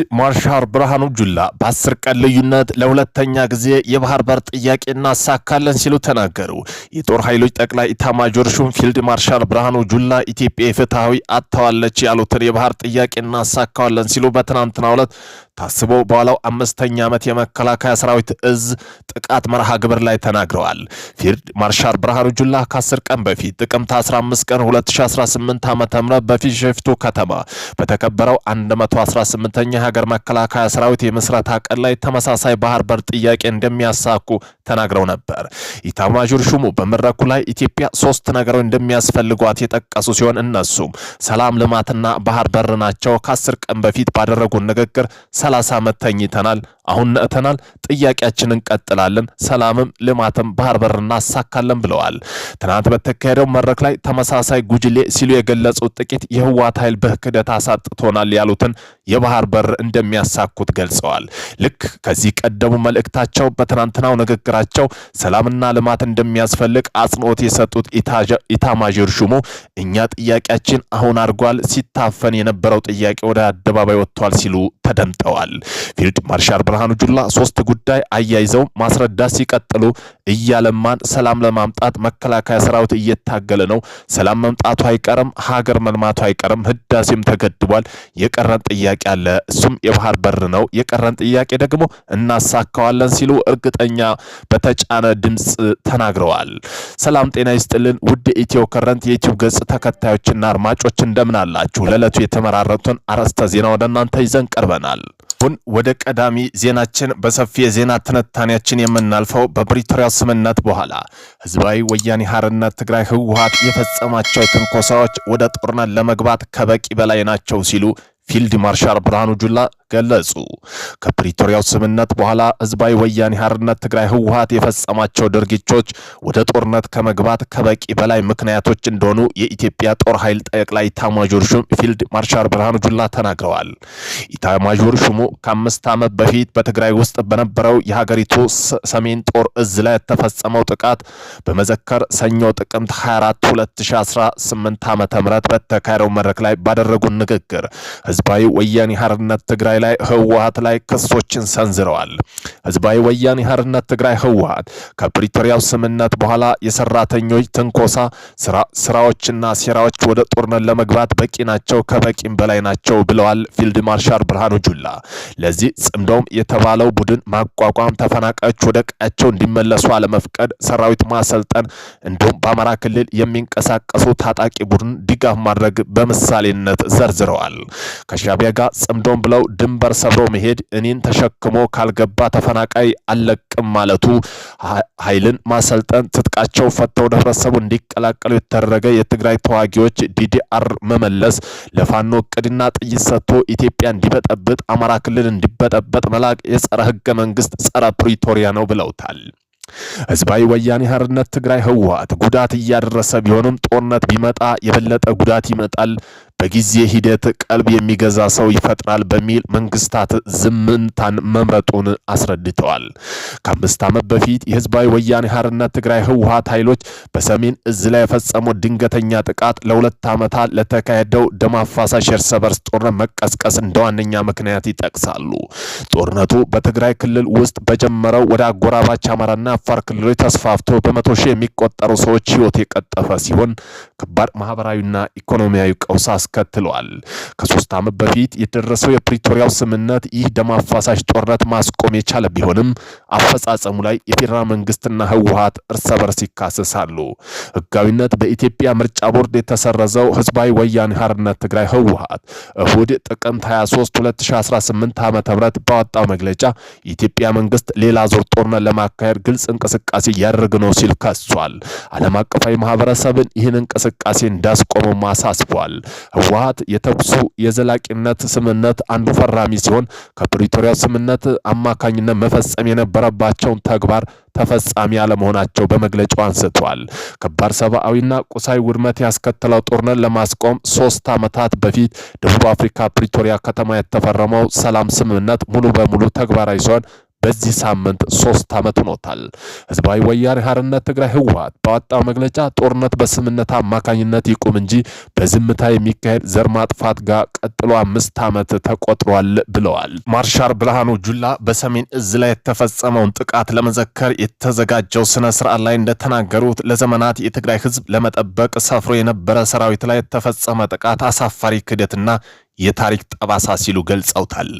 ብርጋዴር ማርሻል ብርሃኑ ጁላ በአስር ቀን ልዩነት ለሁለተኛ ጊዜ የባህር በር ጥያቄ እናሳካለን ሲሉ ተናገሩ። የጦር ኃይሎች ጠቅላይ ኢታማጆር ሹም ፊልድ ማርሻል ብርሃኑ ጁላ ኢትዮጵያ ፍትሐዊ አጥተዋለች ያሉትን የባህር ጥያቄ እናሳካዋለን ሲሉ በትናንትናው ዕለት ታስቦ በኋላው አምስተኛ ዓመት የመከላከያ ሰራዊት እዝ ጥቃት መርሃ ግብር ላይ ተናግረዋል። ፊልድ ማርሻል ብርሃኑ ጁላ ከአስር ቀን በፊት ጥቅምት 15 ቀን 2018 ዓ ም በፊት ሸፍቶ ከተማ በተከበረው 118ኛ ሀገር መከላከያ ሰራዊት የምስረታ ቀን ላይ ተመሳሳይ ባህር በር ጥያቄ እንደሚያሳኩ ተናግረው ነበር። ኢታማዦር ሹሙ በመድረኩ ላይ ኢትዮጵያ ሶስት ነገሮች እንደሚያስፈልጓት የጠቀሱ ሲሆን እነሱም ሰላም፣ ልማትና ባህር በር ናቸው። ከአስር ቀን በፊት ባደረጉን ንግግር ሰላሳ ዓመት ተኝተናል አሁን ነእተናል፣ ጥያቄያችን እንቀጥላለን፣ ሰላምም ልማትም ባህር በር እናሳካለን ብለዋል። ትናንት በተካሄደው መድረክ ላይ ተመሳሳይ ጉጅሌ ሲሉ የገለጹት ጥቂት የህዋት ኃይል በክህደት አሳጥቶናል ያሉትን የባህር በር እንደሚያሳኩት ገልጸዋል። ልክ ከዚህ ቀደሙ መልእክታቸው በትናንትናው ንግግራቸው ሰላምና ልማት እንደሚያስፈልግ አጽንኦት የሰጡት ኢታማዦር ሹሙ እኛ ጥያቄያችን አሁን አድርጓል፣ ሲታፈን የነበረው ጥያቄ ወደ አደባባይ ወጥቷል ሲሉ ተደምጠዋል። ፊልድ ማርሻል ብርሃኑ ጁላ ሶስት ጉዳይ አያይዘው ማስረዳት ሲቀጥሉ እያለማን ሰላም ለማምጣት መከላከያ ሰራዊት እየታገለ ነው። ሰላም መምጣቱ አይቀርም፣ ሀገር መልማቱ አይቀርም። ህዳሴም ተገድቧል። የቀረን ጥያቄ አለ፣ እሱም የባህር በር ነው። የቀረን ጥያቄ ደግሞ እናሳካዋለን ሲሉ እርግጠኛ በተጫነ ድምፅ ተናግረዋል። ሰላም ጤና ይስጥልን ውድ ኢትዮ ከረንት የዩቲዩብ ገጽ ተከታዮችና አድማጮች እንደምን አላችሁ? ለዕለቱ የተመራረጡን አርዕስተ ዜና ወደ እናንተ ይዘን ቀርበናል። አሁን ወደ ቀዳሚ ዜናችን በሰፊ የዜና ትንታኔያችን የምናልፈው በፕሪቶሪያ ስምምነት በኋላ ህዝባዊ ወያኔ ሓርነት ትግራይ ህወሓት የፈጸማቸው ትንኮሳዎች ወደ ጦርነት ለመግባት ከበቂ በላይ ናቸው ሲሉ ፊልድ ማርሻል ብርሃኑ ጁላ ገለጹ። ከፕሪቶሪያው ስምምነት በኋላ ህዝባዊ ወያኔ ሓርነት ትግራይ ህወሀት የፈጸማቸው ድርጊቶች ወደ ጦርነት ከመግባት ከበቂ በላይ ምክንያቶች እንደሆኑ የኢትዮጵያ ጦር ኃይል ጠቅላይ ኢታማዦር ሹም ፊልድ ማርሻል ብርሃኑ ጁላ ተናግረዋል። ኢታማዦር ሹሙ ከአምስት ዓመት በፊት በትግራይ ውስጥ በነበረው የሀገሪቱ ሰሜን ጦር እዝ ላይ የተፈጸመው ጥቃት በመዘከር ሰኞ ጥቅምት 24 2018 ዓ ም በተካሄደው መድረክ ላይ ባደረጉት ንግግር ህዝባዊ ወያኔ ሓርነት ትግራይ ትግራይ ላይ ህወሀት ላይ ክሶችን ሰንዝረዋል። ህዝባዊ ወያኔ ሀርነት ትግራይ ህወሀት ከፕሪቶሪያው ስምምነት በኋላ የሰራተኞች ትንኮሳ ስራዎችና ሴራዎች ወደ ጦርነት ለመግባት በቂ ናቸው፣ ከበቂም በላይ ናቸው ብለዋል ፊልድ ማርሻል ብርሃኑ ጁላ። ለዚህ ጽምዶም የተባለው ቡድን ማቋቋም፣ ተፈናቃዮች ወደ ቀያቸው እንዲመለሱ አለመፍቀድ፣ ሰራዊት ማሰልጠን እንዲሁም በአማራ ክልል የሚንቀሳቀሱ ታጣቂ ቡድን ድጋፍ ማድረግ በምሳሌነት ዘርዝረዋል። ከሻቢያ ጋር ጽምዶም ብለው ድንበር ሰብሮ መሄድ፣ እኔን ተሸክሞ ካልገባ ተፈናቃይ አለቅም ማለቱ፣ ኃይልን ማሰልጠን፣ ትጥቃቸው ፈተው ወደ እንዲቀላቀሉ የተደረገ የትግራይ ተዋጊዎች ዲዲአር መመለስ፣ ለፋኖ እቅድና ጥይት ሰጥቶ ኢትዮጵያ እንዲበጠብጥ አማራ ክልል እንዲበጠበጥ መላክ የጸረ ህገ መንግስት ጸረ ፕሪቶሪያ ነው ብለውታል። ህዝባዊ ወያኔ ሓርነት ትግራይ ህወሓት ጉዳት እያደረሰ ቢሆንም ጦርነት ቢመጣ የበለጠ ጉዳት ይመጣል በጊዜ ሂደት ቀልብ የሚገዛ ሰው ይፈጥራል በሚል መንግስታት ዝምታን መምረጡን አስረድተዋል። ከአምስት ዓመት በፊት የህዝባዊ ወያኔ ሓርነት ትግራይ ህወሀት ኃይሎች በሰሜን እዝ ላይ የፈጸመው ድንገተኛ ጥቃት ለሁለት ዓመታት ለተካሄደው ደም አፋሳሽ እርስ በርስ ጦርነት መቀስቀስ እንደ ዋነኛ ምክንያት ይጠቅሳሉ። ጦርነቱ በትግራይ ክልል ውስጥ በጀመረው ወደ አጎራባች አማራና አፋር ክልሎች ተስፋፍቶ በመቶ ሺህ የሚቆጠሩ ሰዎች ህይወት የቀጠፈ ሲሆን ከባድ ማህበራዊና ኢኮኖሚያዊ ቀውስ አስከትሏል። ከሶስት ዓመት በፊት የደረሰው የፕሪቶሪያው ስምምነት ይህ ደም አፋሳሽ ጦርነት ማስቆም የቻለ ቢሆንም አፈጻጸሙ ላይ የፌዴራል መንግስትና ህወሀት እርስ በርስ ይካሰሳሉ። ህጋዊነት በኢትዮጵያ ምርጫ ቦርድ የተሰረዘው ህዝባዊ ወያኔ ሓርነት ትግራይ ህወሀት እሁድ ጥቅምት 23 2018 ዓ ም ባወጣው መግለጫ የኢትዮጵያ መንግስት ሌላ ዙር ጦርነት ለማካሄድ ግልጽ እንቅስቃሴ እያደረገ ነው ሲል ከሷል። ዓለም አቀፋዊ ማህበረሰብን ይህን እንቅስቃሴ እንዳስቆመው ማሳስቧል። ህወሀት የተኩሱ የዘላቂነት ስምምነት አንዱ ፈራሚ ሲሆን ከፕሪቶሪያ ስምምነት አማካኝነት መፈጸም የነበረባቸውን ተግባር ተፈጻሚ አለመሆናቸው በመግለጫው አንስተዋል። ከባድ ሰብአዊና ቁሳዊ ውድመት ያስከተለው ጦርነት ለማስቆም ሶስት ዓመታት በፊት ደቡብ አፍሪካ ፕሪቶሪያ ከተማ የተፈረመው ሰላም ስምምነት ሙሉ በሙሉ ተግባራዊ ሲሆን በዚህ ሳምንት ሶስት ዓመት ሆኖታል። ህዝባዊ ወያኔ ሓርነት ትግራይ ህወሓት ባወጣው መግለጫ ጦርነት በስምነት አማካኝነት ይቁም እንጂ በዝምታ የሚካሄድ ዘር ማጥፋት ጋር ቀጥሎ አምስት ዓመት ተቆጥሯል ብለዋል። ማርሻል ብርሃኑ ጁላ በሰሜን እዝ ላይ የተፈጸመውን ጥቃት ለመዘከር የተዘጋጀው ስነ ስርዓት ላይ እንደተናገሩት ለዘመናት የትግራይ ህዝብ ለመጠበቅ ሰፍሮ የነበረ ሰራዊት ላይ የተፈጸመ ጥቃት አሳፋሪ ክደትና የታሪክ ጠባሳ ሲሉ ገልጸውታል።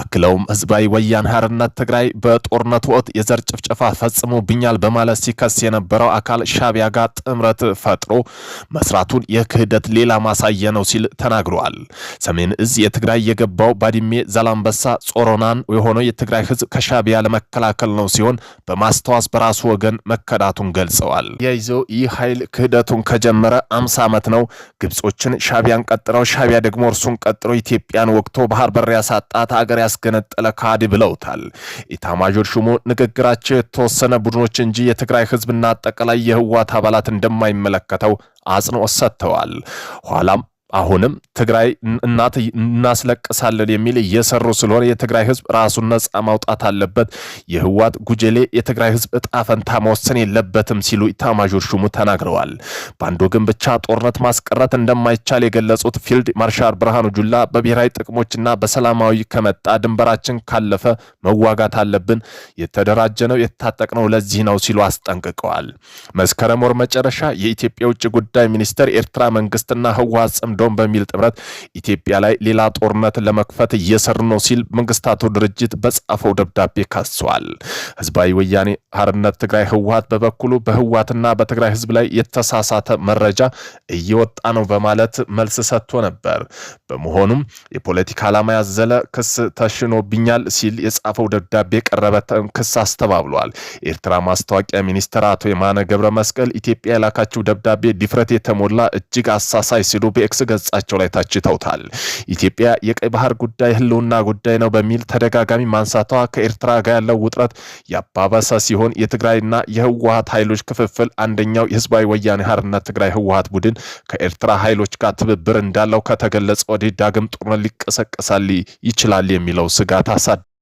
አክለውም ህዝባዊ ወያነ ሓርነት ትግራይ በጦርነት ወቅት የዘር ጭፍጨፋ ፈጽሞብኛል በማለት ሲከስ የነበረው አካል ሻቢያ ጋር ጥምረት ፈጥሮ መስራቱን የክህደት ሌላ ማሳያ ነው ሲል ተናግረዋል። ሰሜን እዝ የትግራይ የገባው ባድሜ፣ ዛላምበሳ፣ ጾሮናን የሆነው የትግራይ ህዝብ ከሻቢያ ለመከላከል ነው ሲሆን በማስታወስ በራሱ ወገን መከዳቱን ገልጸዋል። ያይዞ ይህ ኃይል ክህደቱን ከጀመረ አምሳ ዓመት ነው። ግብጾችን ሻቢያን ቀጥረው ሻቢያ ደግሞ እርሱን ቀጥ ቀጥሎ ኢትዮጵያን ወቅቶ ባህር በር ያሳጣት አገር ያስገነጠለ ካድ ብለውታል። ኢታማዦር ሹሙ ንግግራቸው የተወሰነ ቡድኖች እንጂ የትግራይ ህዝብና አጠቃላይ የህዋት አባላት እንደማይመለከተው አጽንኦት ሰጥተዋል። ኋላም አሁንም ትግራይ እናት እናስለቅሳለን የሚል እየሰሩ ስለሆነ የትግራይ ህዝብ ራሱን ነጻ ማውጣት አለበት። የህዋት ጉጀሌ የትግራይ ህዝብ እጣ ፈንታ መወሰን የለበትም ሲሉ ኢታማዦር ሹሙ ተናግረዋል። በአንድ ወገን ብቻ ጦርነት ማስቀረት እንደማይቻል የገለጹት ፊልድ ማርሻል ብርሃኑ ጁላ በብሔራዊ ጥቅሞችና በሰላማዊ ከመጣ ድንበራችን ካለፈ መዋጋት አለብን። የተደራጀ ነው የታጠቅ ነው ለዚህ ነው ሲሉ አስጠንቅቀዋል። መስከረም ወር መጨረሻ የኢትዮጵያ ውጭ ጉዳይ ሚኒስቴር ኤርትራ መንግስትና ህወሀት እንደውም በሚል ጥምረት ኢትዮጵያ ላይ ሌላ ጦርነት ለመክፈት እየሰሩ ነው ሲል መንግስታቱ ድርጅት በጻፈው ደብዳቤ ካሷል። ህዝባዊ ወያኔ ሀርነት ትግራይ ህወሀት በበኩሉ በህወሀትና በትግራይ ህዝብ ላይ የተሳሳተ መረጃ እየወጣ ነው በማለት መልስ ሰጥቶ ነበር። በመሆኑም የፖለቲካ ዓላማ ያዘለ ክስ ተሽኖብኛል ሲል የጻፈው ደብዳቤ የቀረበትን ክስ አስተባብሏል። የኤርትራ ማስታወቂያ ሚኒስትር አቶ የማነ ገብረ መስቀል ኢትዮጵያ የላካችው ደብዳቤ ድፍረት የተሞላ እጅግ አሳሳይ ሲሉ በኤክስ ገጻቸው ላይ ታችተውታል። ኢትዮጵያ የቀይ ባህር ጉዳይ ህልውና ጉዳይ ነው በሚል ተደጋጋሚ ማንሳቷ ከኤርትራ ጋር ያለው ውጥረት ያባባሰ ሲሆን የትግራይና የህወሀት ኃይሎች ክፍፍል አንደኛው የህዝባዊ ወያኔ ሀርነት ትግራይ ህወሀት ቡድን ከኤርትራ ኃይሎች ጋር ትብብር እንዳለው ከተገለጸ ወዲህ ዳግም ጦርነት ሊቀሰቀሳል ይችላል የሚለው ስጋት አሳድ